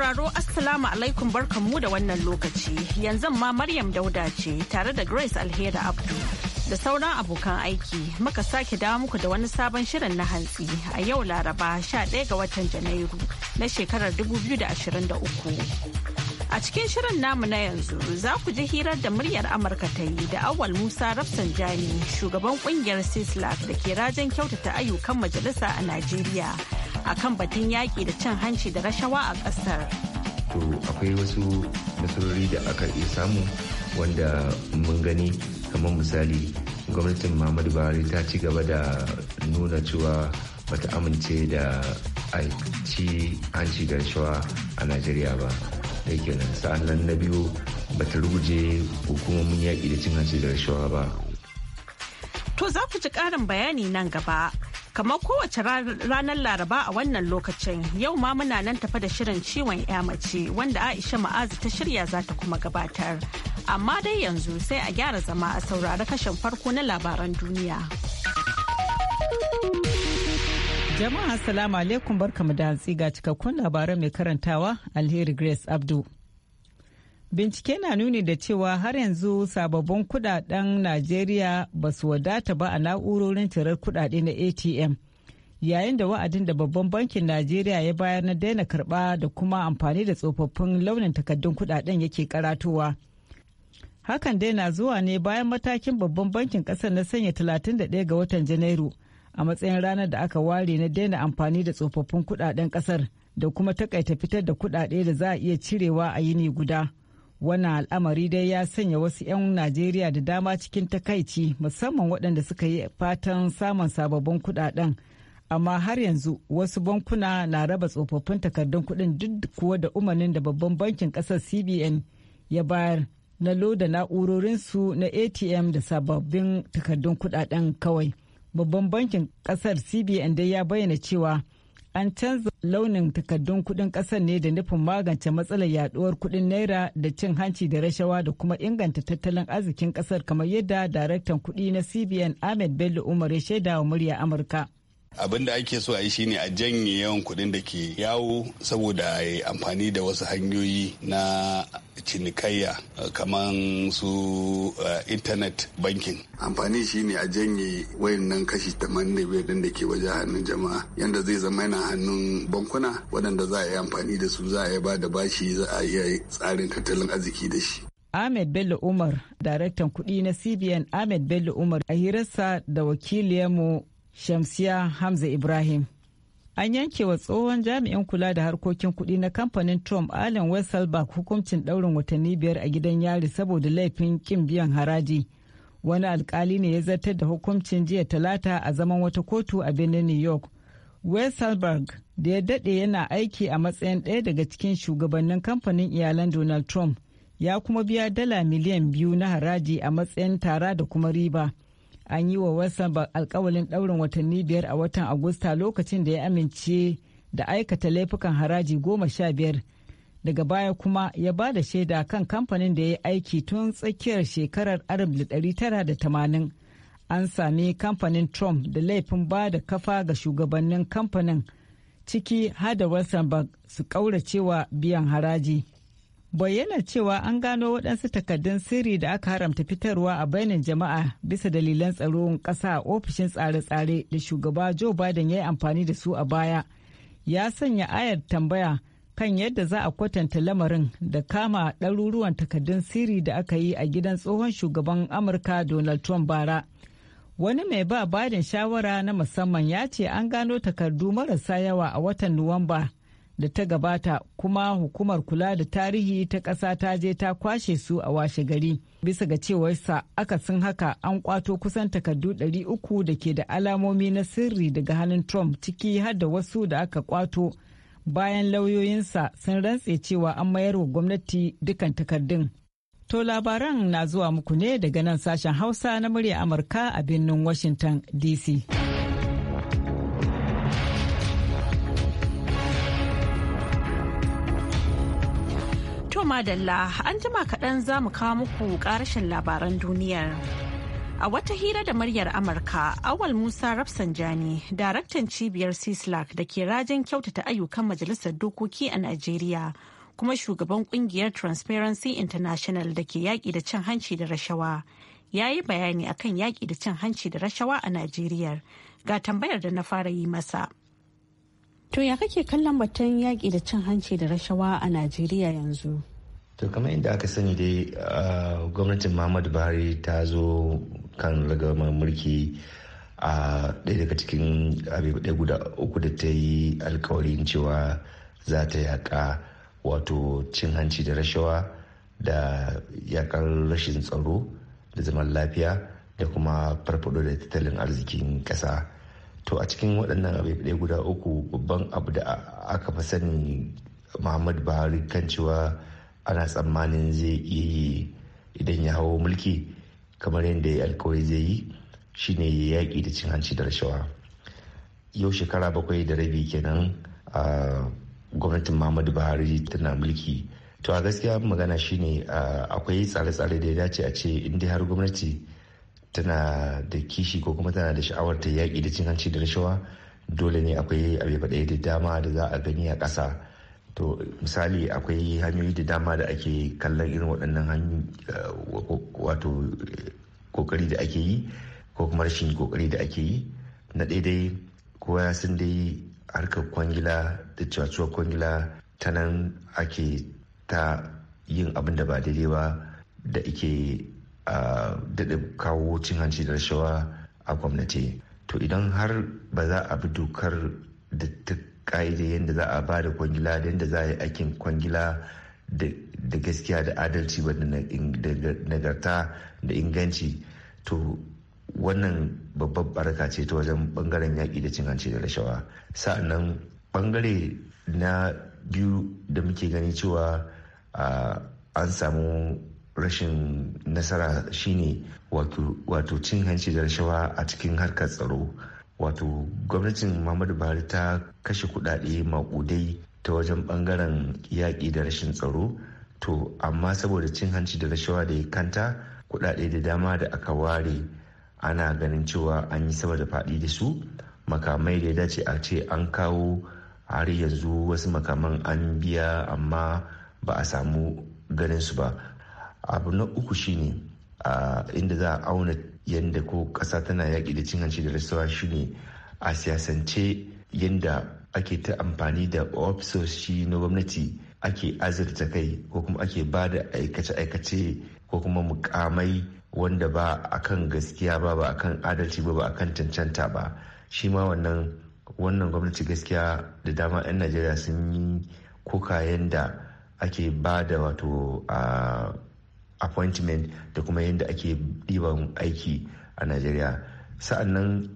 sauraro Assalamu alaikum barkanmu da wannan lokaci. Yanzu ma Maryam Dauda ce tare da Grace Alheri Abdu da sauran abokan aiki muka sake dawo muku da wani sabon shirin na hantsi a yau Laraba 11 ga watan Janairu na shekarar 2023. A cikin shirin namu na yanzu za ku ji hirar da muryar Amurka ta yi da awal Musa Rafsanjani shugaban kungiyar Sislak da ke rajin kyautata ayyukan majalisa a Najeriya akan batun yaƙi da cin hanci da rashawa a ƙasar. To akwai wasu nasarori da aka iya samu wanda mun gani kamar misali gwamnatin Muhammadu Buhari ta ci gaba da nuna cewa bata amince da ci hanci da rashawa a Najeriya ba. Da kenan sa'an nan na biyu bata ruguje hukumomin yaƙi da cin hanci da rashawa ba. To za ku ji ƙarin bayani nan gaba. kamar kowace ranar laraba a wannan lokacin yau ma muna nan tafa da shirin ciwon ya mace wanda aisha ma'azu ta shirya za ta kuma gabatar amma dai yanzu sai a gyara zama a saurari kashin farko na labaran duniya jama'a assalamu alaikum barkamu da hantsi ga cikakkun labaran mai karantawa alheri grace abdu Bincike na nuni da cewa har yanzu sababbin kudaden Najeriya ba su wadata ba a na'urorin cirar kudade na ATM. Yayin da wa'adin da babban bankin Najeriya ya bayar na daina karba da kuma amfani da tsofaffin launin takaddun kudaden yake karatowa. Hakan dai na zuwa ne bayan matakin babban bankin kasar na sanya 31 ga watan Janairu a matsayin ranar da aka ware na daina amfani da tsofaffin kudaden kasar da kuma takaita fitar da kudade da za a iya cirewa a yini guda. wannan al'amari dai ya sanya wasu 'yan najeriya da dama cikin takaici musamman waɗanda suka yi fatan samun sababbin kuɗaɗen amma har yanzu wasu bankuna na raba tsofaffin takardun kuɗin duk kuwa da umarnin da babban bankin ƙasar cbn ya bayar na loda na'urorinsu na atm da sababbin takardun kuɗaɗen kawai babban bankin ƙasar cbn dai ya bayyana cewa an canza launin takardun kuɗin ƙasar ne da nufin magance matsalar yaduwar kuɗin naira da cin hanci da rashawa da kuma inganta tattalin arzikin ƙasar kamar yadda daraktan kuɗi na cbn ahmed bello umar ya shaida wa murya amurka abin da ake so a yi shine a janye yawan kuɗin da ke yawo saboda a yi amfani da wasu hanyoyi na cinikayya eh, kamar su eh, intanet bankin amfani shine a janye wayannan kashi 85 din da ke waje hannun jama'a yanda zai zama yana hannun bankuna waɗanda za a yi amfani da su za a yi ba da bashi za a iya tsarin tattalin arziki da shi Ahmed Bello Umar, daraktan kuɗi na CBN Ahmed Bello Umar a hirarsa da wakiliyarmu Shamsiya Hamza Ibrahim. An yanke wa tsohon jami'in kula da harkokin kuɗi na kamfanin Trump Allen Wesselberg hukuncin ɗaurin watanni biyar a gidan yari saboda laifin kin biyan haraji. Wani alkali ne ya zartar da hukuncin jiya talata a zaman wata kotu a birnin New York. Wesselberg da ya daɗe yana aiki a matsayin ɗaya daga cikin shugabannin kamfanin iyalan Donald Trump ya kuma biya dala miliyan biyu na haraji a matsayin tara da kuma riba. an yi wa wasan alkawalin ɗaurin watanni biyar a watan agusta lokacin da ya amince da aikata laifukan haraji goma sha biyar daga baya kuma ya ba da shaida kan kamfanin da ya aiki tun tsakiyar shekarar arab tamanin an sami kamfanin trump da laifin ba da kafa ga shugabannin kamfanin ciki hada wasanbag su kauracewa biyan haraji bayyana cewa an gano waɗansu takardun sirri da aka haramta fitarwa a bainin jama'a bisa dalilan tsaro ƙasa a ofishin tsare-tsare da shugaba joe biden ya yi amfani da su a baya ya sanya ayar tambaya kan yadda za a kwatanta lamarin da kama ɗaruruwan takardun sirri da aka yi a gidan tsohon shugaban amurka donald trump bara wani mai ba biden shawara na musamman ya ce an gano takardu marasa yawa a watan nuwamba da ta gabata kuma hukumar kula da tarihi ta ƙasa ta je ta kwashe su a washe gari bisa ga cewarsa sun haka an kwato kusan takardu uku da ke da alamomi na sirri daga hannun trump ciki har da wasu da aka kwato bayan lauyoyinsa sun rantse cewa an mayar wa gwamnati dukan takardun to labaran na zuwa muku ne daga nan sashen hausa na murya amurka a birnin washington dc dalla an jima kaɗan za mu kawo muku ƙarashin labaran duniyar. A wata hira da muryar Amurka, Awal Musa Rafsanjani, daraktan cibiyar CISLAC da ke rajin kyautata ayyukan Majalisar Dokoki a Najeriya, kuma shugaban kungiyar Transparency International da ke yaƙi da cin hanci da rashawa, ya yi bayani a kan yaƙi da cin hanci da rashawa a Najeriya. Ga tambayar da na fara yi masa. To ya kake kallon batun yaƙi da cin hanci da rashawa a Najeriya yanzu? to kamar yadda aka sani dai gwamnatin muhammadu buhari ta zo kan ragamar mulki a ɗaya daga cikin abubuwa guda uku da ta yi alkawarin cewa za ta yaƙa wato cin hanci da rashawa da yaƙar rashin tsaro da zaman lafiya da kuma farfado da tattalin arzikin ƙasa to a cikin waɗannan abubuwa guda uku babban abu da aka fi sani muhammadu buhari kan cewa ana tsammanin zai iya yi idan ya hawo mulki kamar yadda ya alkawai zai yi shine ya yaƙi da cin hanci da rashawa yau shekara bakwai da rabi kenan a gwamnatin muhammadu buhari tana mulki to a gaskiya magana shine akwai tsare-tsare da ya dace a ce inda har gwamnati tana da kishi ko kuma tana da sha'awar ta yaƙi da cin hanci da rashawa dole ne akwai abu da dama da za a gani a ƙasa to misali akwai hanyoyi da dama da ake kallon irin waɗannan eh, wato kokari eh, da ake yi ko kuma rashin kokari da ake yi na daidai kowa ya san dai harkar kwangila da cewa kwangila ta nan ake ta yin abin da ba daidai ba da ake daɗa kawo cin hanci da rashawa a gwamnati to idan har ba za a bi dokar da ta ka'ida yadda za a ba da kwangila da yadda za a yi aikin kwangila da gaskiya da adalci ba da nagarta da inganci to wannan babbar baraka ce ta wajen bangaren yaƙi da cin hanci da rashawa sa'annan bangare na biyu da muke gani cewa an samu rashin nasara shine wato cin hanci da rashawa a cikin harkar tsaro wato gwamnatin muhammadu buhari ta kashe kudade makudai ta wajen bangaren yaƙi da rashin tsaro to amma saboda cin hanci da rashawa da ya kanta kudade da dama da aka ware ana ganin cewa an yi saboda faɗi da su makamai da ya dace a ce an kawo har yanzu wasu makaman an biya amma ba a samu ganin su ba abu na uku shine inda za a auna yadda ko ƙasa tana yaƙi da cin hanci da shi shine a siyasance yadda ake ta amfani da ofisoshi na gwamnati ake azurta kai ko kuma ake ba da aikace-aikace ko kuma mukamai wanda ba a kan gaskiya ba ba a kan adalci ba ba a kan cancanta ba shi ma wannan wannan gwamnati gaskiya da dama 'yan najeriya sun yi kuka yadda ake ba da wato a ah, appointment da kuma yadda ake ɗiban aiki a najeriya sa'annan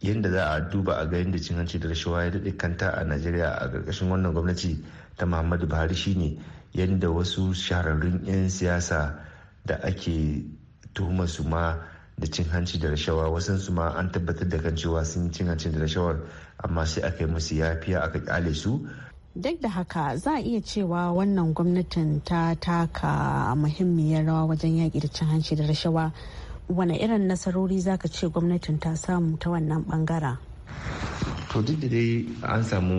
yadda za a duba a ga yadda cin hanci da rashawa ya daɗe kanta a najeriya a ƙarƙashin wannan gwamnati ta muhammadu buhari shine yadda wasu shahararrun 'yan siyasa da ake tuhuma su ma da cin hanci da rashawa wasan su ma an tabbatar da kan cewa sun cin hanci da rashawar amma sai aka yi musu yafiya aka kyale su duk da haka za a iya cewa wannan gwamnatin ta taka muhimmiyar rawa wajen yaƙi da cin hanci da rashawa wane irin nasarori za ka ce gwamnatin ta samu ta wannan bangara to duk da dai an samu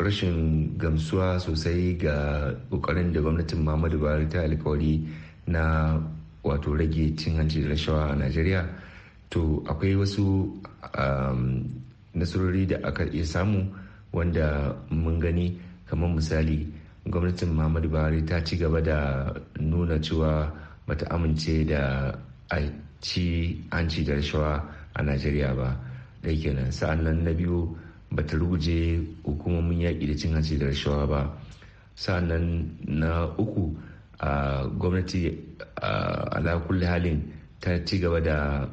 rashin gamsuwa sosai ga kokarin da gwamnatin muhammadu buhari ta alkawari na wato rage cin hanci da rashawa a najeriya to akwai wasu um, nasarori da aka iya samu wanda mun gani kamar misali gwamnatin muhammadu buhari ta ci gaba da nuna cewa bata amince da a ci an da rashawa a najeriya ba ɗaya kenan sa'an nan na biyu bata ruguje hukumomin yaƙi da cin hanci da rashawa ba sa'an nan na uku a gwamnati ala halin ta ci gaba da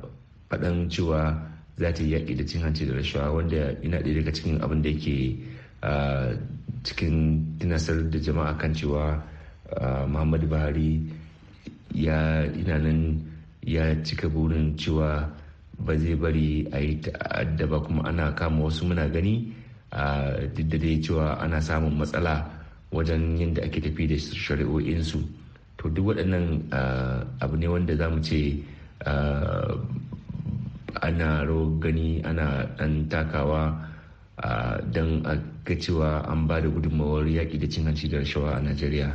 faɗan cewa za ta yi yaƙi da cin hanci da rashawa wanda ina ɗaya daga cikin abin da yake cikin tunasar da jama'a kan cewa ah, muhammadu buhari ya ina nan ya cika burin cewa ba zai bari a yi ta'adda ba kuma ana kama wasu muna gani ah, duk da dai cewa ana samun matsala wajen yadda ake tafi da shari'o'insu to duk waɗannan ah, abu ne wanda za mu ce ana rawar gani ana ɗan takawa don a ga cewa an ba da gudunmawar yaƙi da cin hanci da rashawa a najeriya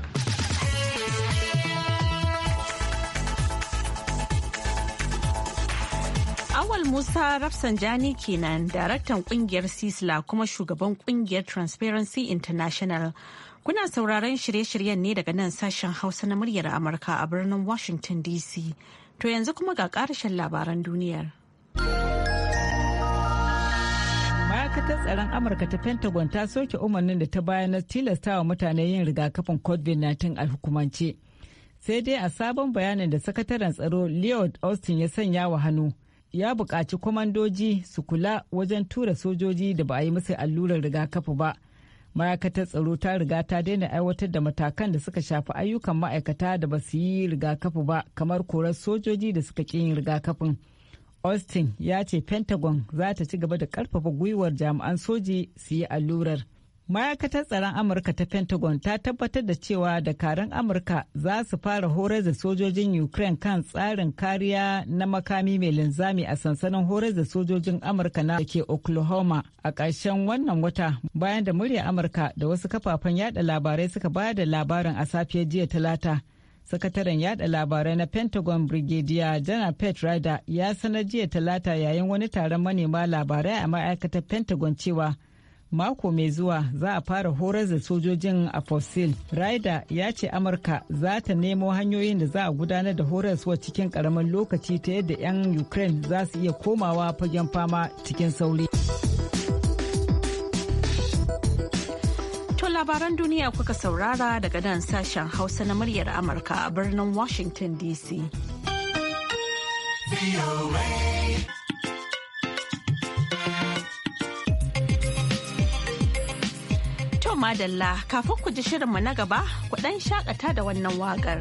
awal musa rafsanjani kenan daraktan ƙungiyar sisla kuma shugaban ƙungiyar transparency international Kuna sauraron shirye-shiryen ne daga nan sashen Hausa na muryar Amurka a birnin Washington DC. To yanzu kuma ga karshen labaran duniyar. ma'aikatar tsaron amurka ta pentagon ta soke umarnin da ta bayar na tilasta wa mutane yin rigakafin covid-19 a hukumance sai dai a sabon bayanin da sakataren tsaro leo austin ya sanya wa hannu ya buƙaci kwamandoji su kula wajen tura sojoji da ba a yi musu allurar rigakafi ba ma'aikatar tsaro ta riga ta daina aiwatar da matakan da suka shafi ayyukan ma'aikata da ba su yi rigakafi ba kamar korar sojoji da suka ƙi yin rigakafin Austin ya ce Pentagon za ta ci gaba da karfafa gwiwar jami'an soji su yi allurar. Ma'aikatar tsaron Amurka ta Pentagon ta tabbatar da cewa dakarun Amurka za su fara horar da sojojin Ukraine kan tsarin kariya na makami mai linzami a sansanin horar da sojojin Amurka na ke Oklahoma a ƙarshen wannan wata bayan da murya Amurka da wasu kafafen yada labarai suka bayar da labarin a safiyar jiya talata. sakataren yada labarai na pentagon brigadier janar pet rider ya sanar jiya talata yayin wani taron manema labarai a ma'aikatar pentagon cewa mako mai zuwa za a fara horar da sojojin a fosil rider ya ce amurka za ta nemo hanyoyin da za a gudanar da horar suwa cikin karamin lokaci ta yadda 'yan ukraine za su iya komawa fagen fama cikin sauri. labaran duniya kuka saurara daga nan sashen Hausa na muryar Amurka a birnin Washington DC. To madalla kafin ku ji shirinmu na gaba ku ɗan shakata da wannan wagar.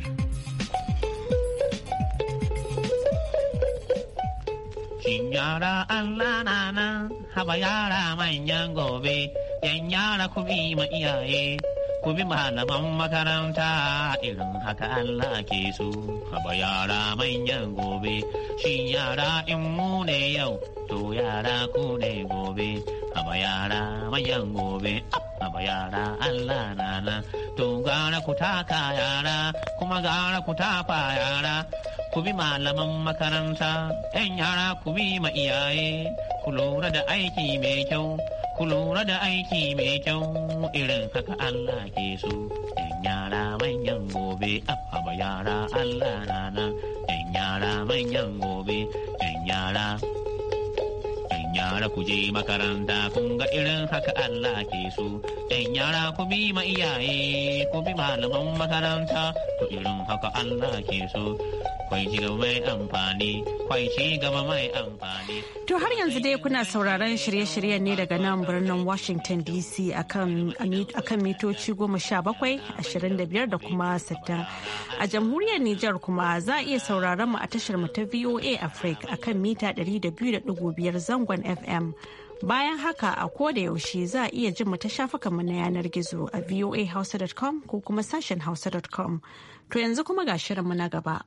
Shin yara Allah na nan, haba yara manyan gobe. yan yara ku bi ma iyaye ku bi malaman makaranta irin haka Allah ke so haba yara manyan gobe shi yara in mu ne yau to yara ku ne gobe haba yara manyan gobe haba yara Allah to gara ku taka yara kuma gara ku tafa yara ku bi malaman makaranta yan yara ku bi ma iyaye ku lura da aiki mai kyau ku lura da aiki mai kyau irin haka Allah ke so. ‘Yan yara manyan gobe, abba yara Allah nana, ‘yan yara manyan gobe, ‘yan yara. ‘Yan yara ku je makaranta kun ga irin haka Allah ke so. ‘Yan yara ku bi ma iyaye, ku bi malaman makaranta, to irin haka Allah ke so. kwai to har yanzu dai kuna sauraron shirye-shiryen ne daga nan birnin Washington DC a akan mitoci goma sha bakwai ashirin da biyar da kuma sittin a jamhuriyar Nijar kuma za a iya sauraron mu a tashar mu ta VOA Africa akan mita ɗari da biyu da ɗigo biyar zangon FM bayan haka a koda yaushe za a iya jin mu ta shafukanmu na yanar gizo a voahausa.com ko kuma sashen hausa.com to yanzu kuma ga shirinmu na gaba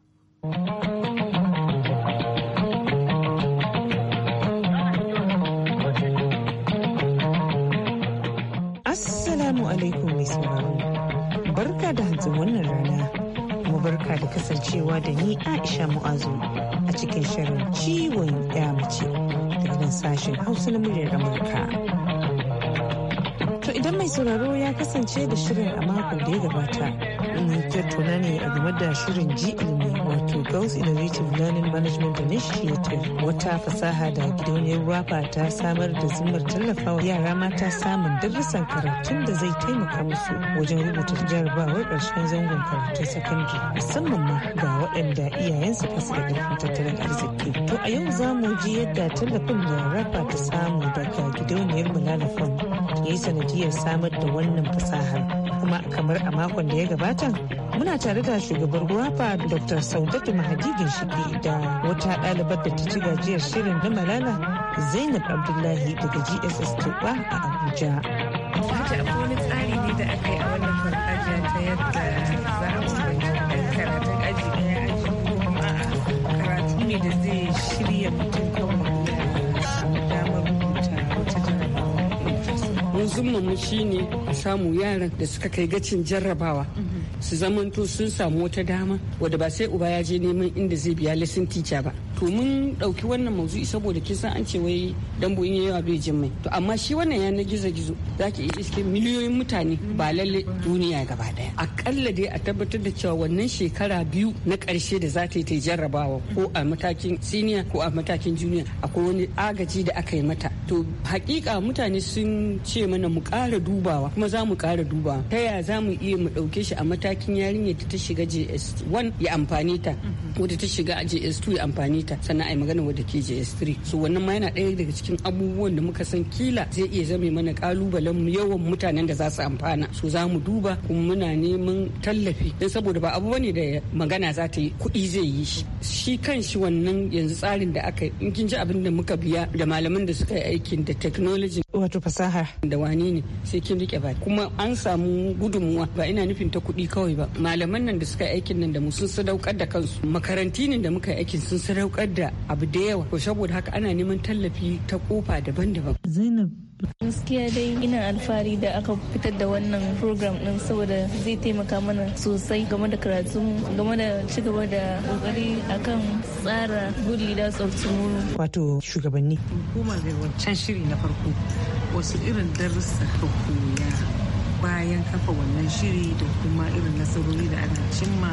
Assalamu alaikum mai sauraro. Barka da hanzu wannan rana. Mu barka da kasancewa da ni Aisha Mu'azu a cikin shirin ciwon ya mace daga nan sashen Hausa na muryar Amurka. To idan mai sauraro ya kasance da shirin a makon da ya gabata in tattauna ne a game da shirin GLM wato Girls Innovative Learning Management Initiative wata fasaha da gidauniyar wafa ta samar da zimmar tallafawa yara mata samun darussan karatun da zai taimaka musu wajen rubuta jarabawar ƙarshen zangon karatun sakandare musamman ma ga waɗanda iyayensu ba su da ƙarfin tattalin arziki. To a yau za mu ji yadda tallafin da rafa ta samu daga gidauniyar Malala Fund ya yi sanadiyar samar da wannan fasahar. kuma kamar a makon da ya gabata muna tare da shugabar guwafa dr saudatu mahadi ginshiki da wata ɗalibar da ta ci gajiyar shirin na malala zainab abdullahi daga gss tuba a abuja wata wani tsari ne da aka yi a wannan farfajiya ta yadda za a karatun aji ɗaya aji goma karatu ne da zai shirya mutum zumman mu shine a samu yaran da suka kai gacin jarrabawa su zamanto sun samu wata dama wadda ba sai uba ya je neman inda zai biya lesson teacher ba to mun dauki wannan mauzu'i saboda kin san an ce wai dambo in yayi bai jin mai to amma shi wannan yana gizo gizo zaki iya iske miliyoyin mutane ba lalle duniya gaba daya akalla dai a tabbatar da cewa wannan shekara biyu na karshe da za ta yi jarrabawa ko a matakin senior ko a matakin junior akwai wani agaji da aka yi mata to hakika mutane sun ce mana mu ƙara dubawa kuma za mu ƙara dubawa ta ya za mu iya mu ɗauke shi a matakin yarinya ta shiga js1 ya amfani ta mm-hmm. wadda ta shiga js2 ya amfani ta sannan a yi magana wadda ke js3 so wannan ma yana daya daga cikin abubuwan da muka san kila zai iya zame mana kalubalen yawan mutanen da za su amfana so za mu duba kuma muna neman tallafi don saboda ba abu bane da magana za ta yi kuɗi zai yi shi shi kan shi wannan yanzu tsarin da aka in kin ji abin da muka biya da malaman da suka yi aikin da technology wato fasaha da Wani ne sai kin rike ba kuma an samu gudunmuwa ba ina nufin ta kuɗi kawai ba malaman nan da suka yi aikin nan da mu sun sadaukar da kansu makaranti ne da muka yi aikin sun sadaukar da abu da yawa to saboda haka ana neman tallafi ta kofa daban-daban zainab gaskiya dai ina alfahari da aka fitar da wannan program din saboda zai taimaka mana sosai game da karatu game da cigaba da kokari akan tsara good leaders of tomorrow wato shugabanni hukumar da wancan shiri na farko wasu irin darussa ta koya bayan kafa wannan shiri da kuma irin nasarori da ana cimma.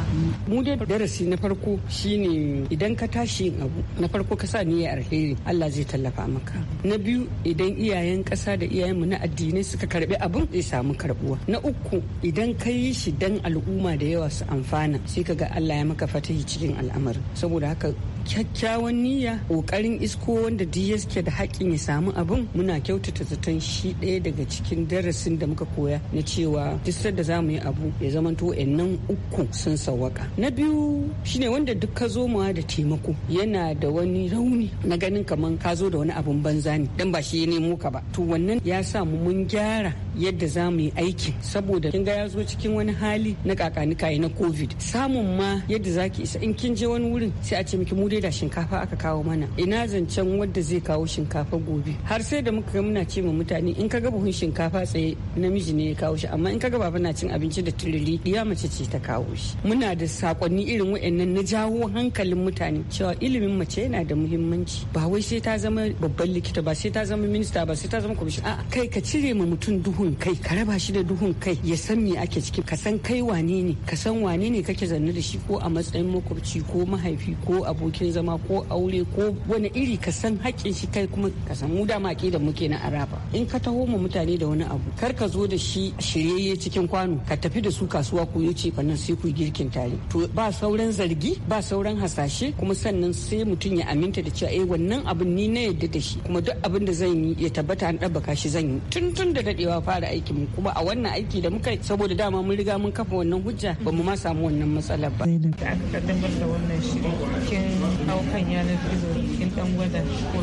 Mu dai darasi na farko shine idan ka tashi yin abu na farko ka sa niyyar alheri Allah zai tallafa maka. Na biyu idan iyayen ƙasa da iyayenmu na addinai suka karbi abun zai samu karbuwa. Na uku idan ka yi shi dan al'umma da yawa su amfana sai ka ga Allah ya maka fatahi cikin al'amarin. Saboda haka kyakkyawan niyya kokarin isko wanda ds yake da haƙƙin ya samu abin muna kyautata zaton shi ɗaya daga cikin darasin da muka koya na cewa duk da za mu yi abu ya zamanto nan uku sun sawaka na biyu shine wanda duk ka zo da taimako yana da wani rauni na ganin kaman ka zo da wani abun banza ne dan ba shi ya nemo ka ba to wannan ya sa mu mun gyara yadda za mu yi aiki saboda kin ga ya zo cikin wani hali na kakanika na covid samun ma yadda zaki isa in kin je wani wurin sai a ce miki mu leda shinkafa aka kawo mana ina zancen wadda zai kawo shinkafa gobe har sai da muka ga muna ce ma mutane in ka ga buhun shinkafa tsaye namiji ne ya kawo shi amma in ka ga baba na cin abinci da tururi ya mace ce ta kawo shi muna da sakonni irin waɗannan na jawo hankalin mutane cewa ilimin mace yana da muhimmanci ba wai sai ta zama babban likita ba sai ta zama minista ba sai ta zama kwamishin a'a kai ka cire ma mutum duhun kai ka raba shi da duhun kai ya san me ake ciki ka san kai wane ne ka san wane ne kake zanne da shi ko a matsayin makwabci ko mahaifi ko abokin lokacin zama ko aure ko wani iri ka san haƙƙin shi kai kuma ka san mu da maƙi da muke na araba in ka taho mu mutane da wani abu kar ka zo da shi shiryayye cikin kwano ka tafi da su kasuwa ku yi ce fannin sai ku girkin tare to ba sauran zargi ba sauran hasashe kuma sannan sai mutum ya aminta da cewa eh wannan abin ni na yadda da shi kuma duk abin da zan yi ya tabbata an ɗabbaka shi zan yi tun tun da daɗewa fara aiki mu kuma a wannan aiki da muka saboda dama mun riga mun kafa wannan hujja ba mu ma samu wannan matsalar ba. Da aka da wannan shirin hau kan yanar gizo ɗan dan gwada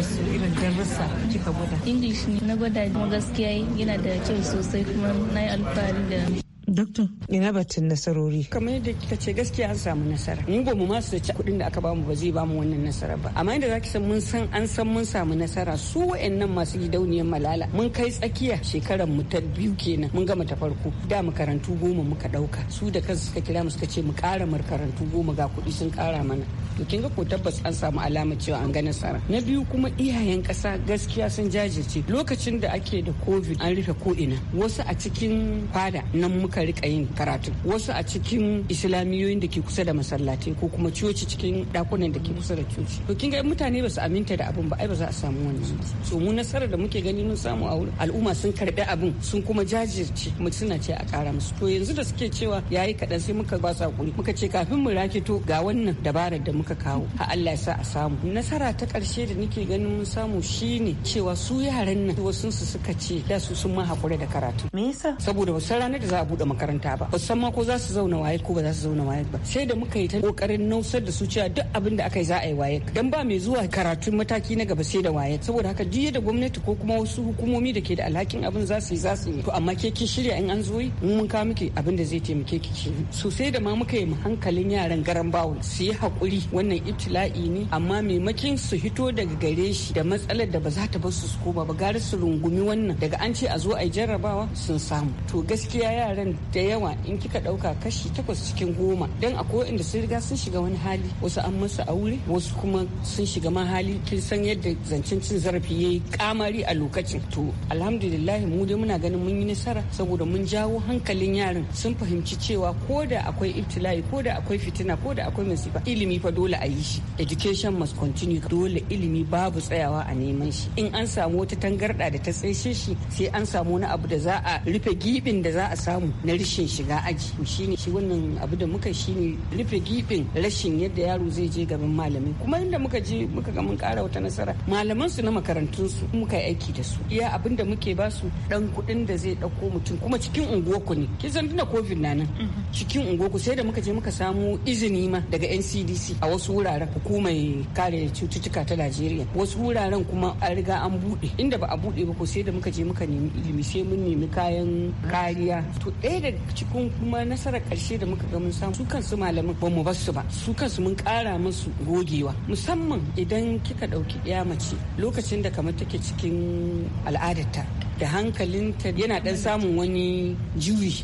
su irin darussa kika gwada english ne na gwada kuma gaskiya yana da kyau sosai kuma na yi alfahari da Doktor. Ina batun nasarori. Kamar yadda kika ce gaskiya an samu nasara. Mun gomu masu su ci kuɗin da aka bamu ba zai bamu wannan nasara ba. Amma yadda zaki san mun san an san mun samu nasara su wa'annan masu gidauniyar malala mun kai tsakiya shekarar mu ta biyu kenan mun gama ta farko. Da makarantu goma muka ɗauka su da kansu suka kira mu suka ce mu ƙara makarantu goma ga kuɗi sun ƙara mana. To kin ga ko tabbas an samu alama cewa an ga nasara. Na biyu kuma iyayen ƙasa gaskiya sun jajirce lokacin da ake da covid an rufe ko ina wasu a cikin fada nan muka rika yin karatu wasu a cikin islamiyoyin da ke kusa da masallatai ko kuma coci cikin dakunan da ke kusa da coci to kin ga mutane ba su aminta da abin ba ai ba za a samu wani so mu nasarar da muke gani mun samu a al'umma sun karbi abin sun kuma jajirce kuma suna ce a kara musu to yanzu da suke cewa yayi kaɗan sai muka ba su hakuri muka ce kafin mu to ga wannan dabarar da muka kawo ha Allah ya sa a samu nasara ta karshe da nake ganin mun samu shine cewa su yaran nan wasu su suka ce da su sun ma hakura da karatu me yasa saboda wasu ranar da za a bude makaranta ba ba san ma ko za su zauna waye ko ba za su zauna waye ba sai da muka yi ta kokarin nausar da su cewa duk abin da aka yi za a yi waye dan ba mai zuwa karatun mataki na gaba sai da waye saboda haka duk da gwamnati ko kuma wasu hukumomi da ke da alhakin abin za su yi za su yi to amma ke kin shirya in an zo yi mun kawo miki abin da zai taimake ki ki sosai da ma muka yi hankalin yaran garan bawul su yi hakuri wannan ibtila'i ne amma maimakin su hito daga gare shi da matsalar da ba za ta bar su su koma ba gara su rungumi wannan daga an ce a zo a yi jarrabawa sun samu to gaskiya yaran da yawa in kika ɗauka kashi takwas cikin goma don akwai inda sun riga sun shiga wani hali wasu an masa aure wasu kuma sun shiga ma hali kin san yadda zancen cin zarafi ya yi kamari a lokacin to alhamdulillah mu dai muna ganin mun yi nasara saboda mun jawo hankalin yaran sun fahimci cewa ko da akwai ibtila'i ko da akwai fitina ko da akwai masifa ilimi fa dole a yi shi education must continue dole ilimi babu tsayawa a neman shi in an samu wata tangarɗa da ta tsaishe shi sai an samu wani abu da za a rufe gibin da za a samu na rashin shiga aji shine shi wannan abu da muka shine rufe gibin rashin yadda yaro zai je gaban malami kuma inda muka je muka ga mun kara wata nasara malaman su na makarantun su muka yi aiki da su iya abin da muke ba su dan kuɗin da zai ɗauko mutum kuma cikin unguwarku ne kin san tunda covid na nan mhm. cikin unguwarku sai da muka je muka samu izini ma daga NCDC a wasu wuraren hukumar kare cututtuka ta Najeriya wasu wuraren kuma an riga an buɗe inda ba a buɗe ba ko sai da muka je muka nemi ilimi sai mun nemi kayan kariya to ɗaya daga cikin kuma nasarar ƙarshe da muka ga mun samu su kansu malamin ba mu su ba su kansu mun ƙara musu gogewa musamman idan kika ɗauki ya mace lokacin da kamar take cikin al'adarta da hankalinta yana ɗan samun wani juyi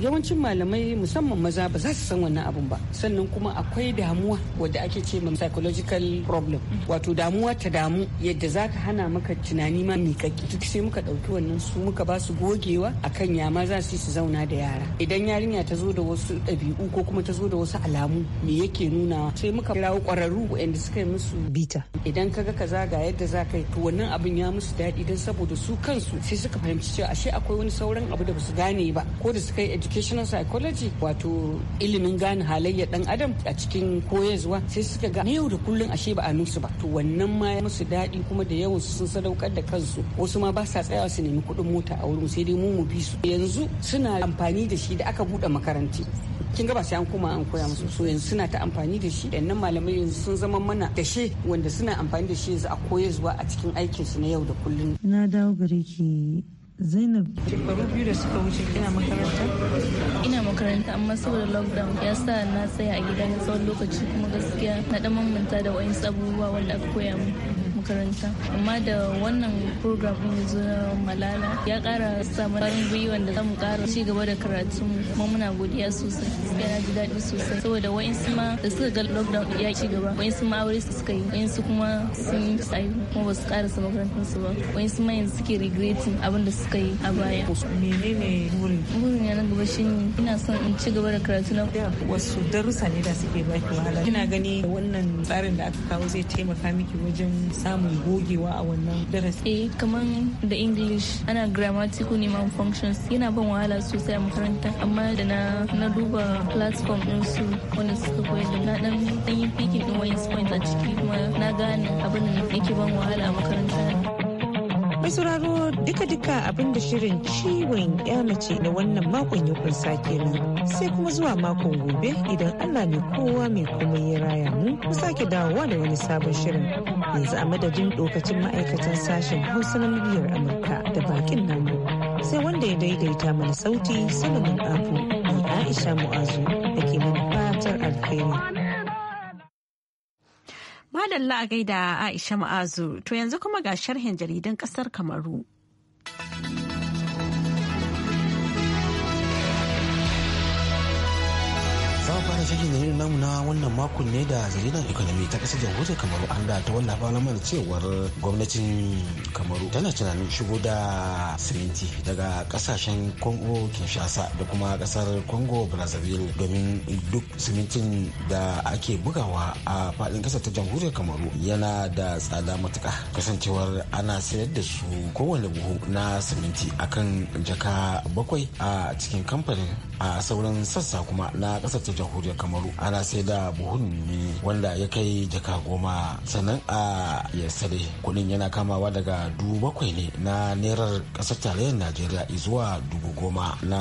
yawancin malamai musamman maza ba za su san wannan abun ba sannan kuma akwai damuwa wadda ake ce ma psychological problem wato damuwa ta damu yadda za ka hana maka tunani ma miƙaƙƙi duk sai muka ɗauki wannan su muka ba su gogewa akan ma za su su zauna da yara idan yarinya ta zo da wasu ɗabi'u ko kuma ta zo da wasu alamu me yake nunawa. sai muka kirawo ƙwararru waɗanda suka yi musu bita idan ka ga kaza ga yadda za ka yi to wannan abin ya musu daɗi don saboda su kansu sai suka fahimci cewa ashe akwai wani sauran abu da ba su gane ba ko da suka yi educational psychology wato ilimin gane halayyar dan adam a cikin koyarwa sai suka ga na yau da kullun ashe ba a nusu ba to wannan ma ya musu daɗi kuma da yawan sun sadaukar da kansu wasu ma ba sa tsayawa su nemi kuɗin mota a wurin sai dai mu mu bi su yanzu suna amfani da shi da aka buɗe makaranti kin ga ba sai an kuma an koya musu so yanzu suna ta amfani da shi yannan malamai yanzu sun zama mana dashe wanda suna amfani da shi yanzu a koyarwa a cikin aikinsu na yau da kullun na dawo gare ki Zainab. Shekaru biyu da suka wuce ina makaranta? Ina makaranta amma saboda lockdown ya sa na tsaya a gida na tsawon lokaci kuma gaskiya na ɗan manta da wayan abubuwa wanda aka koya mun makaranta amma da wannan program ya zo malala ya kara samun farin gwiwan da zamu kara ci gaba da karatu kuma muna godiya sosai yana ji daɗi sosai saboda su ma da suka ga lockdown ya ci gaba su ma aure su suka yi su kuma sun tsayi kuma ba su karasa makarantar su ba su ma yanzu suke regretting abin da suka yi a baya menene burin burin ya na gaba shi ne ina son in ci gaba da karatu na wasu darussa ne da suke baki wahala kina gani wannan tsarin da aka kawo zai taimaka miki wajen samun samun gogewa a wannan darasi eh kamar da english ana grammatical neman functions yana ban wahala sosai a makaranta amma da na na duba platform din su wanda suka koyar da na dan dan yi picking din wayan points a ciki kuma na gane abin da yake ban wahala a makaranta sauraro duka-duka abinda shirin ciwon ya mace na wannan makon ya kunsa kenan sai kuma zuwa makon gobe idan allah mai kowa mai kuma ya raya mu ku sake dawowa da wani sabon shirin yanzu a madadin dokacin ma'aikatan sashen hausa na miliyar amurka da bakin namu sai wanda ya daidaita mana sauti salamin abu ni aisha mu'azu da ke mana fatar alheri madalla a gaida Aisha Ma'azu to yanzu kuma ga sharhin jaridan kasar Kamaru. sashen jaridar namu na wannan makon ne da jaridar economy ta kasar jamhuriyar kamaru an da ta wallafa mana cewar gwamnatin kamaru tana tunanin shigo da siminti daga kasashen congo kinshasa da kuma kasar congo brazzaville domin duk simintin da ake bugawa a fadin kasar ta jamhuriyar kamaru yana da tsada matuka kasancewar ana sayar da su kowane buhu na siminti akan jaka bakwai a cikin kamfanin a sauran sassa kuma na kasar ta jamhuriyar kamaru ana sai da buhun ne wanda ya kai jaka goma sannan a yasare kudin yana kamawa daga dubu bakwai ne na nerar kasar tarayyar najeriya zuwa dubu goma na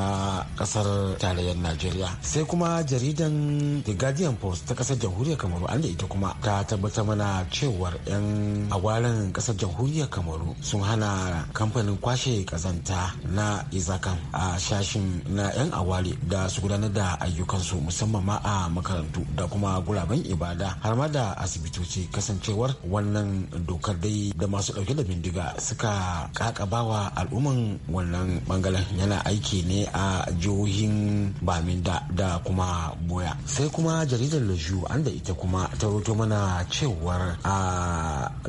kasar tarayyar najeriya sai kuma jaridan the guardian post ta kasar jamhuriyar kamaru an da ita kuma ta tabbatar mana cewar yan agwaren kasar jamhuriyar kamaru sun hana kamfanin kwashe kazanta na izakan a shashin na yan aware da su gudanar da ayyukansu musamman ma a a makarantu da kuma guraben ibada har ma da asibitoci kasancewar wannan dokar dai da masu dauke da bindiga suka kakabawa al'umman wannan bangaren yana aiki ne a jihohin baminda da kuma boya sai kuma jaridar laju an da ita kuma ta roto mana cewar a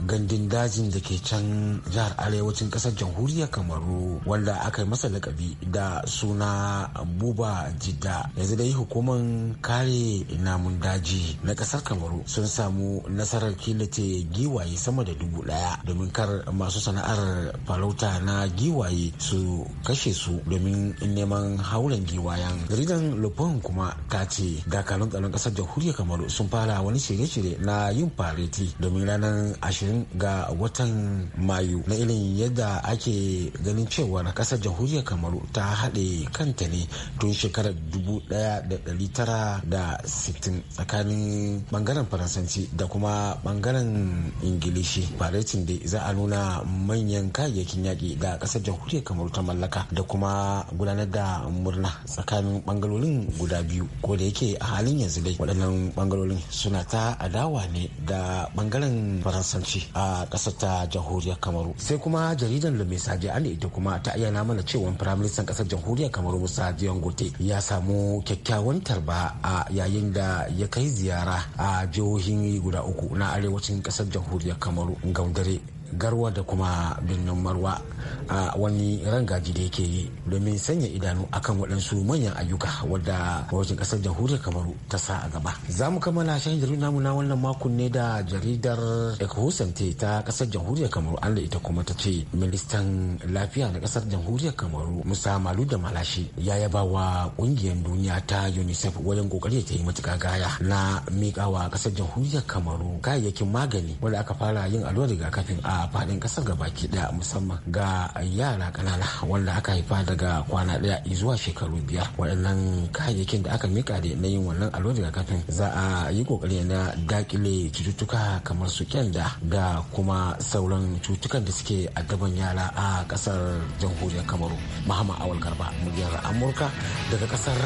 gandun dajin da ke can jihar arewacin kasar jamhuriyar kamaru wanda aka yi masa lakabi da suna buba jidda yanzu dai hukumar kare kare namun daji na kasar kamaru sun samu nasarar kilace giwaye sama da dubu daya domin kar masu sana'ar farauta na giwaye su kashe su domin neman haulan giwayen jaridan lupin kuma ta ce dakalin tsaron kasar jamhuriyar kamaru sun fara wani shirye-shirye na yin fareti domin ranar ashirin ga watan mayu na irin yadda ake ganin cewa na kasar jamhuriyar kamaru ta haɗe kanta ne tun shekarar dubu ɗaya da ɗari tara da 60 tsakanin bangaren faransanci da kuma bangaren ingilishi faretin da za a nuna manyan kayayyakin yaƙi da ƙasar jamhuriyar kamar ta mallaka da kuma gudanar da murna tsakanin bangarorin guda biyu ko da yake a halin yanzu dai waɗannan bangarorin suna ta adawa ne da bangaren faransanci a ƙasar ta jamhuriyar kamaru sai kuma jaridan lumi message ali ita kuma ta ayyana mana cewa firaministan ƙasar jamhuriyar kamaru musa dion gote ya samu kyakkyawan tarba a yayin da ya kai ziyara a jihohin guda uku na arewacin kasar jamhuriyar kamaru gaudare garwa da kuma birnin marwa a wani rangaji da yake yi domin sanya idanu akan waɗansu manyan ayyuka wadda wajen ƙasar jamhuriyar kamaru ta sa a gaba za mu kammala shan jaridar namu na wannan makon ne da jaridar ecohusante ta ƙasar jamhuriyar kamaru an da ita kuma ta ce ministan lafiya na ƙasar jamhuriyar kamaru musa malu da malashi ya yaba wa ƙungiyar duniya ta unicef wajen ƙoƙari ta yi matuƙa gaya na miƙawa ƙasar jamhuriyar kamaru kayayyakin magani wanda aka fara yin allurar rigakafin a Faɗin fadin kasar baki ɗaya musamman ga yara kanana wanda aka haifa daga kwana ɗaya zuwa shekaru biyar waɗannan kayayyakin da aka mika da na yin wannan daga kafin za a yi kokari na dakile cututtuka kamar su kyanda da kuma sauran cututtukan da suke a gaban yara a kasar jamhuriyar kamaru muhammad awal garba muryar amurka daga ƙasar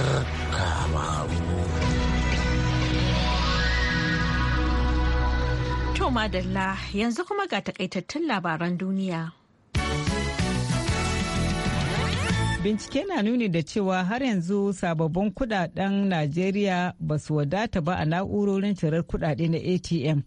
kamaru ma madalla yanzu kuma ga takaitattun labaran duniya. Bincike na nuni da cewa har yanzu sababbin kudaden Najeriya ba su wadata ba a na'urorin cirar kudade na ATM.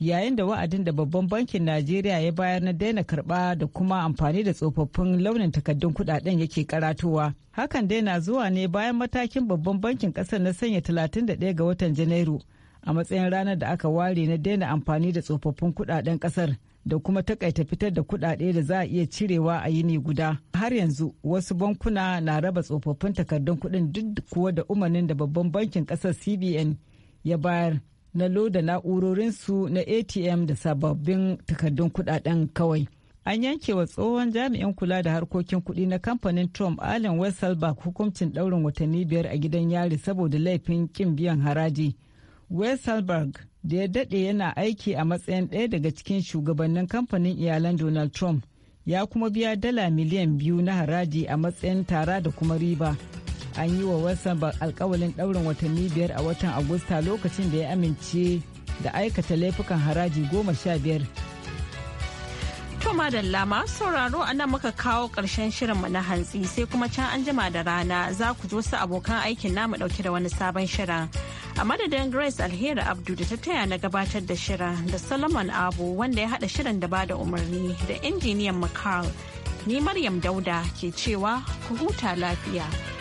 Yayin da wa'adin da babban bankin Najeriya ya bayar na daina karba da kuma amfani da tsofaffin launin takaddun kudaden yake karatowa. Hakan dai na zuwa ne bayan matakin babban bankin kasar na sanya 31 ga watan Janairu. a matsayin ranar da aka ware na daina amfani da tsofaffin kudaden kasar da kuma takaita fitar da kudade da za a iya cirewa a yini guda har yanzu wasu bankuna na raba tsofaffin takardun kuɗin duk kuwa da umarnin da babban bankin ƙasar cbn ya bayar na loda na'urorinsu na atm da sababbin takardun kudaden kawai an yanke wa tsohon jami'in kula da harkokin kuɗi na kamfanin trump allen wesselbach hukuncin ɗaurin watanni biyar a gidan yari saboda laifin ƙin biyan haraji Weisselberg da ya daɗe yana aiki a matsayin ɗaya daga cikin shugabannin kamfanin iyalan Donald Trump ya kuma biya dala miliyan biyu na haraji a matsayin tara da kuma riba. An yi wa Weisselberg alkawalin ɗaurin watanni biyar a watan Agusta lokacin da ya amince da aikata laifukan haraji goma sha biyar To madalla masu sauraro a nan muka kawo ƙarshen shirinmu na hantsi sai kuma can an jima da rana za ku ji wasu abokan aikin namu ɗauke da wani sabon shirin. A madadin Grace Alheri Abdu da ta taya na gabatar da shirin da Solomon Abu wanda ya haɗa shirin da bada umarni da injiniyan Makal. Ni Maryam Dauda ke cewa ku huta lafiya.